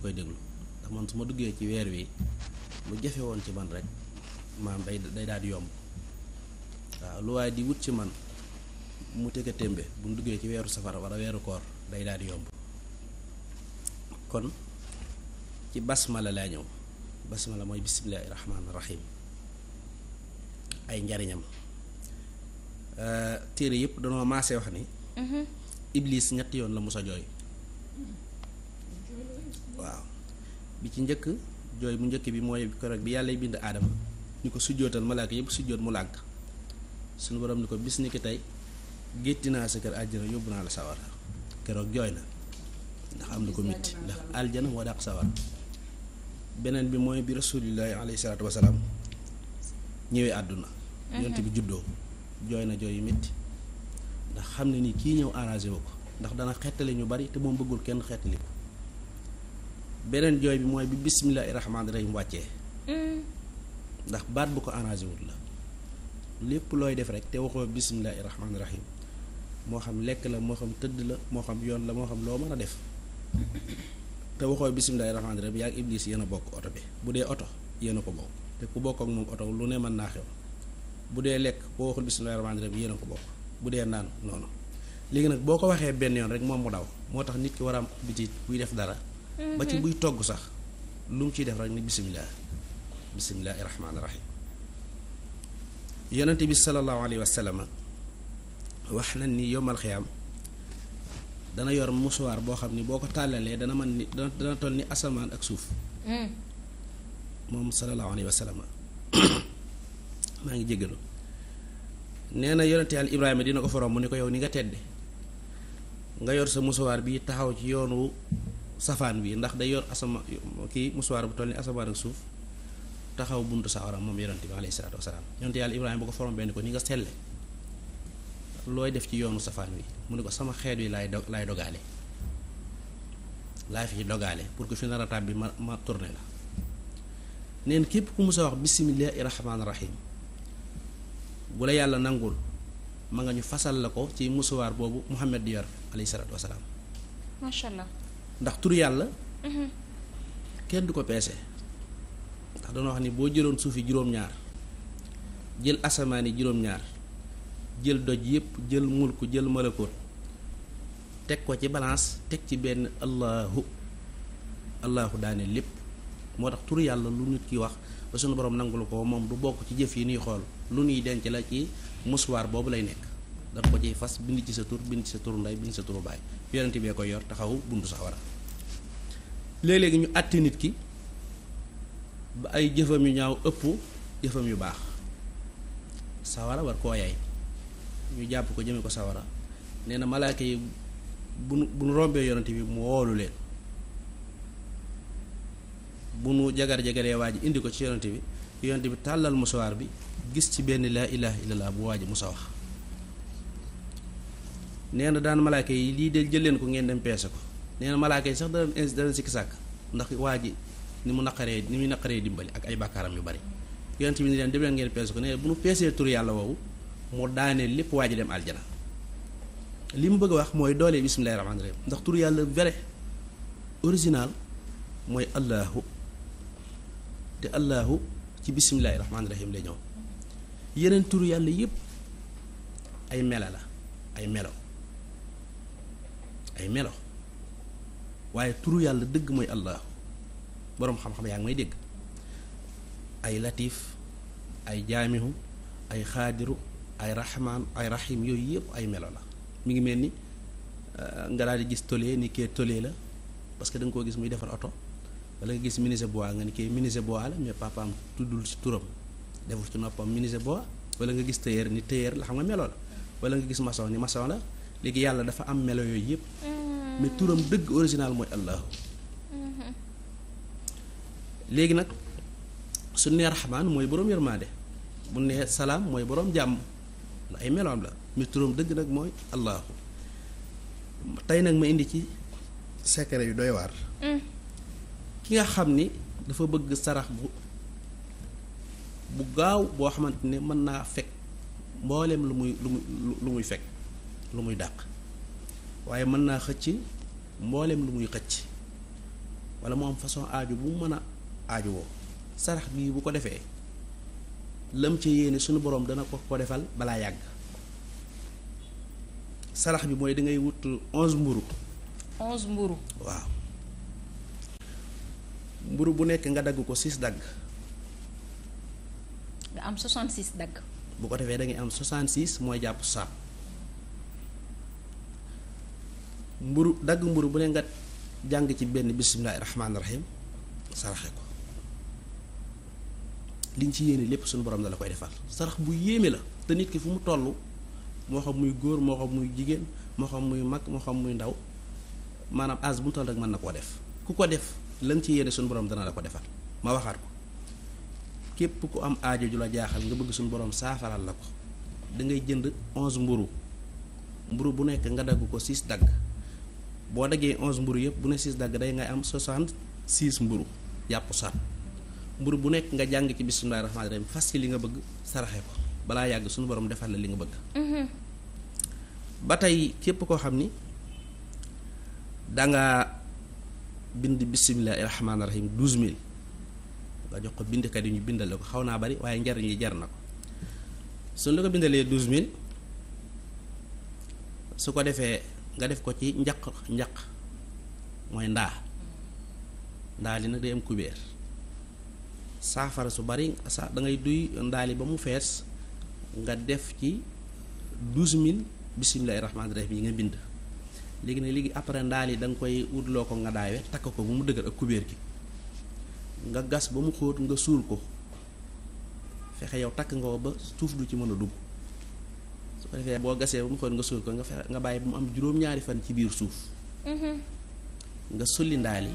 koy déglu ndax man su ma duggee ci weer wi mu jafe woon ci man rek maam day day daal di yomb waaw lu waaye di wut ci man mu tëgg a témbe bu ñu duggee ci weeru safar wala weeru koor day daal di yomb kon ci basmala laa ñëw la mooy bisimilahi rahmaani rahim ay njariñam téere yëpp danoo maasee wax ni mhm. iblis jooy bi ci njëkk jooy bu njëkk bi mooy keroog bi yàlla bind aadama ni ko sujjootal malaaka yëpp sujjoot mu lànk suñu borom ni ko bis ni ki tey gétti naa sa kër aljana yóbbu naa la sawar keroog jooy na ndax am na ko metti ndax aljana moo dàq sawara beneen bi mooy bi rasulillahi alayhi salaatu wasalaam ñëwee àdduna yonent bi juddoo jooy na jooy yu métti ndax xam ne ni kii ñëw arrangé wu ko ndax dana xettali ñu bari te moom bëggul kenn xettali ko beneen jooy bi mooy bi bisimilahi rahmaani rahim wàccee. Mm. ndax baat bu ko arrangé wul la lépp looy def rek te waxoo bisimilahi rahmaani rahim moo xam lekk la moo tëdd la moo xam yoon la moo xam loo mën a def te waxoo bisimilahi rahmaani rahim yaa ngi iblis yenn a bokk oto bi bu dee oto yéen ko bokk te ku bokk ak moom oto lu ne mën naa xew bu dee lekk boo waxul bisimilahi rahmaani rahim yéen ko bokk bu dee naan noonu léegi nag boo ko waxee benn yoon rek moom mu daw moo tax nit ki war a am appétit buy def dara. ba ci mhm. buy togg sax lu mu ciy def rek ni bisimilah bisimilahi rahmaani rahim yonente bi salallahu alayhi wa wax na ni yomal xiyaam dana yor musuwaar boo xam ni boo ko tàllalee dana mën ni dana dana toll ni asamaan ak suuf mhm. moom salallahu alayhi wa maa ngi jéggalu nee na yonente yàlla Ibrahima dina ko forom mu ni ko yow ni nga tedde nga yor sa musuwaar bi taxaw ci yoonu safaan wi ndax day yor asama kii musuwaar bu toll ni asamaan ak suuf taxaw buntu sawara moom yonent bi alayhi salaatu wasalaam yonent yàlla Ibrahima bu ko forom benn ko ni nga selle looy def ci yoonu safaan wi mu ne ko sama xeet wi laay do laay dogaale laay fi pour que fi nar a tàbbi ma ma tourné la neen képp ku musa wax bismillaahi rahmaani rahim bu la yàlla nangul ma nga ñu fasal la ko ci musuwaar boobu Muhammad di yor alayhi salaatu wasalaam ndax tur yàlla. Mm-hmm. kenn du ko peese. ndax dañoo wax ni boo jëloon suuf yi juróom-ñaar jël asamaan yi juróom-ñaar jël doj yépp jël mulku jël malakoot teg ko ci balance teg ci benn allahu allahu daane lépp moo tax tur yàlla lu nit ki wax ba sunu borom nangul ko moom du bokk ci jëf yi nuy xool lu nuy denc la ci muswaar boobu lay nekk. da nga ko ciy fas bind ci sa tur bind ci sa turu nday bind ci sa turu baay yonent bee koy yor taxaw buntu sawara léeg-léegi ñu àtte nit ki ba ay jëfam yu ñaaw ëpp jëfam yu baax sawara war koo yaay ñu jàpp ko jëme ko sawara nee na malaaka yi bu nu rombee yonante bi mu woolu leen bu nu jagar jagaree waa ji indi ko ci yonante bi yonante bi tàllal musawaar bi gis ci benn laa ilaha illallah bu waa ji musa wax nee na daan malaaka yi lii de jël ko ngeen dem peese ko nee na yi sax dana dana sikki sàkk ndax waa ji ni mu naqaree ni muy naqaree dimbali ak ay bàkkaaram yu bari yonent bi ni leen dem ngeen peese ko nee bu mu peesee tur yàlla woowu mu daaneel lépp waa ji dem aljana li mu bëgg a wax mooy doolee bismillahi rahmaani rahim ndax tur yàlla vrai original mooy allahu te allahu ci bismillahi rahmaani rahim la ñëw yeneen tur yàlla yépp ay mela la ay melo ay melo waaye turu yàlla dëgg mooy allah boroom xam-xam yaa ngi may dégg ay latif ay jaamihu ay xaadiru ay rahmaan ay rahim yooyu yëpp ay melo la mi ngi mel ni euh, nga daal di gis tole ni kee tole la parce que da koo gis muy defar oto wala nga gis menuisier bois nga ni kee menuisier bois la mais papaam tuddul ci turam deful ci noppam menuisier bois wala nga gis tailleur ni tailleur la xam nga melo la wala nga gis maçon ni maçon la léegi yàlla dafa am melo yooyu yëpp. Mm. mais turam dëgg original mooy Allahu. Mm-hmm. léegi nag su nee raxmaan mooy boroom yërmaade bu nee salaam mooy boroom jàmm ndax ay meloom la mais dëgg nag mooy Allahu tey nag ma indi ci secret yu doy waar. Mm. ki nga xam ni dafa bëgg sarax bu bu gaaw boo xamante ne mën naa fekk mboolem lu muy lu muy lu muy fekk. lu muy dàq waaye mën naa xëcc mboolem lu muy xëcc wala mu am façon aaju bu mu mën a aaju woo sarax bii bu ko defee lam ci yéene sunu borom dana ko ko defal balaa yàgg sarax bi mooy dangay ngay wut onze mburu onze mburu waaw mburu bu nekk nga dagg ko six dagg nga am soixante-six dagg bu ko defee da ngay am soixante-six mooy jàpp saab mburu dagg mburu bu ne nga jàng ci benn bisimilahi rahmaani rahim saraxe ko liñ ci yéene lépp suñu borom da la koy defal sarax bu yéeme la te nit ki fu mu toll moo xam muy góor moo xam muy jigéen moo xam muy mag moo xam muy ndaw maanaam as bu mu toll rek mën na koo def ku ko def lañ ci yéene suñu borom dana la ko defal ma waxaat ko képp ku am aajo ju la jaaxal nga bëgg suñu boroom saafaral la ko da ngay jënd onze mburu mburu bu nekk nga dagg ko six dagg boo daggee onze mburu yëpp bu ne six dagg day ngay am soixante six mburu yàpp sar mburu bu nekk nga jàng ci bismillahi rahmaani rahim fas ci li nga bëgg saraxe ko balaa yàgg suñu borom defal la li nga bëgg mhm. ba tey képp koo xam ni danga bind bismillahi rahmaani rahim douze mille nga jox ko bindkat yi ñu bindale ko xaw naa bari waaye njariñ yi jar na ko suñ la ko bindalee douze mille su ko defee nga def ko ci njaq njaq mooy ndaa ndaa li nag day am kubéer saafara su bari sa dangay ngay duy ndaali ba mu fees nga def ci douze mille bisimilahi rahmaani rahim yi nga bind léegi ne léegi après ndaal yi da nga koy utloo ko nga daawe takk ko bu mu dëgër ak kubéer gi nga gas ba mu xóot nga suul ko fexe yow takk nga ko ba suuf du ci mën a dugg su ko defee boo gasee bu mu xool nga suul ko nga fexe nga bàyyi bu mu am juróom-ñaari fan ci biir suuf mm-hmm. nga sulli ndaal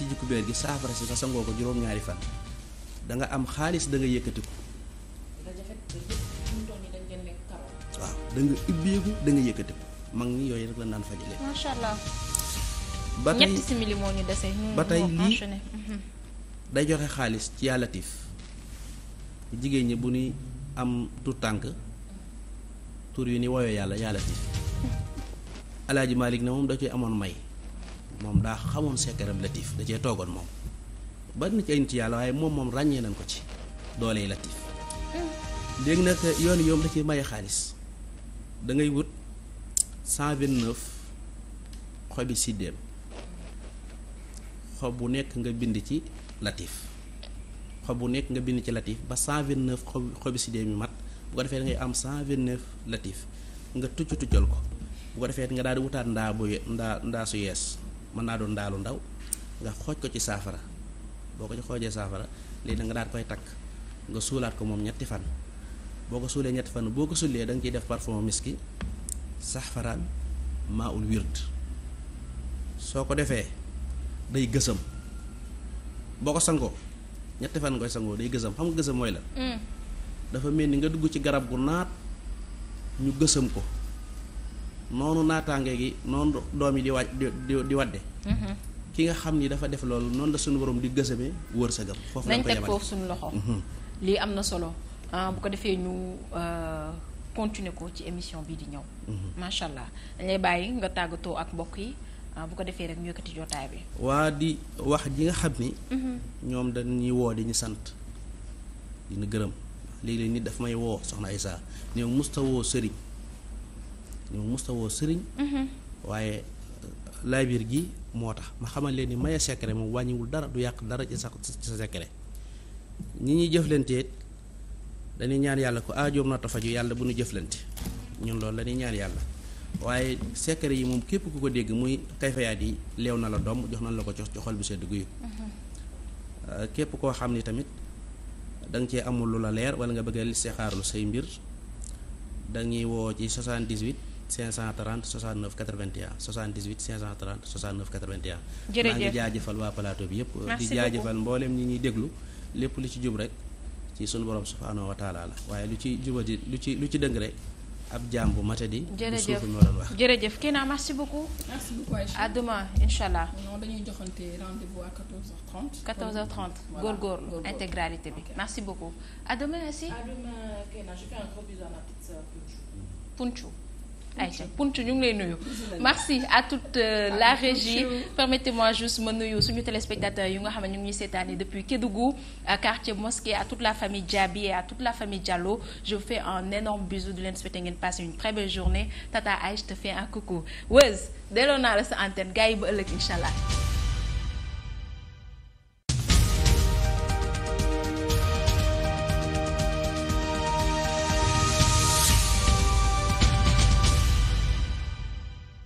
yi kubéer gi saafara si nga sangoo ko juróom-ñaari fan danga am xaalis danga nga waaw da nga mag ñi yooyu rek la naan fajale macha allah ba tey moo ñu dese ba tey lii mm-hmm. day joxe xaalis ci yàlla tif jigéen ñi bu ñuy am tu tur yu ni yàlla yàlla si alaaji Malick na moom da cee amoon may moom daa xamoon sekkaram latif da cee toogoon moom bari na ci ay nit yàlla waaye moom moom ràññee nañ ko ci doole yi latif léegi nag yoon yoom da cee maye xaalis da ngay wut cent vingt neuf xobi siddéem xob bu nekk nga bind ci latif xob bu nekk nga bind ci latif ba xob xobi siddéem yi mat bu ko defee da ngay am cent vingt neuf latif nga tucc ko bu ko defee nga daal di wutaat ndaa ndaa ndaa su mën naa doon ndaalu ndaw nga xooj ko ci saafara boo ko xoojee saafara léegi da nga daal koy takk nga suulaat ko moom ñetti fan boo ko suulee ñetti fan boo ko suulee da nga ciy def parfum miski saxfaraan maa ul wird soo ko defee day gësëm boo ko sangoo ñetti fan nga koy sangoo day gësam xam nga gësam mooy la mm. dafa mel ni nga dugg ci garab gu naat ñu gësëm ko noonu naataange gi noonu doom yi di waaj di di wadde mm-hmm. ki nga xam ni dafa def loolu noonu la suñu borom di wër gësamee wërsëgam foofu nañ teg foofu suñu loxo mm-hmm. lii am na solo ah, bu ko defee ñu euh, continuer ko ci émission bii di ñëw mm-hmm. macha allah dañ bàyyi nga tàggatoo ak mbokk yi ah, bu ko defee rek ñu yëkkati jotaay bi waa di wax ji nga xam ni ñoom dañuy woo di ñu sant dina gërëm léegi-léegi nit dafa may woo soxna Issa ñëw musta woo sëriñ ñëw musta woo sëriñ mhm. waaye laabir gi moo tax ma xamal leen ni maye secret moom wàññiwul dara du yàq dara ci sa ci sa secret ñi ñuy jëflanteet dañuy ñaan yàlla ko aajoom na tafaju yàlla bu ñu jëflante ñun lool la ñaar yàlla waaye secret yi moom képp ku ko dégg muy kayfayaat yi leew na la doom jox nañ la ko ci xol bu sedd guyu mhm. képp koo xam ni tamit da nga cee amul lu la leer wala nga bëgg a listixaarlu say mbir dañuy woo ci 78 530 69 81 78 530 69 81. jërëjëf maa ngi jaajëfal waa plateau bi yëpp. di jaajëfal mboolem ñi ñuy déglu lépp lu ci jub rek ci sunu borom subhaanahu wa taala la waaye lu ci jubati lu ci lu ci dëng rek. ab jaam bu matadi. jërëjëf jërëjëf Kina naa merci beaucoup Aïcha à demain incha allah. non dañuy joxante rendez-vous bi okay. merci beaucoup. à demain aussi. à demain Aïcha Puntu ñu ngi lay nuyu merci à toute euh, la régie permettez-moi juste ma nuyu suñu téléspectateurs yu nga xam ne ñu ngi ñuy seetaani depuis Kédougou euh, quartier mosquée à toute la famille Diaby et à toute la famille Diallo je vous fais un énorme bisou di leen souhaiter ngeen passer une très belle journée Tata Aïcha fait un coucou Weuz delloo naa la sa antenne gars yi ba ëllëg incha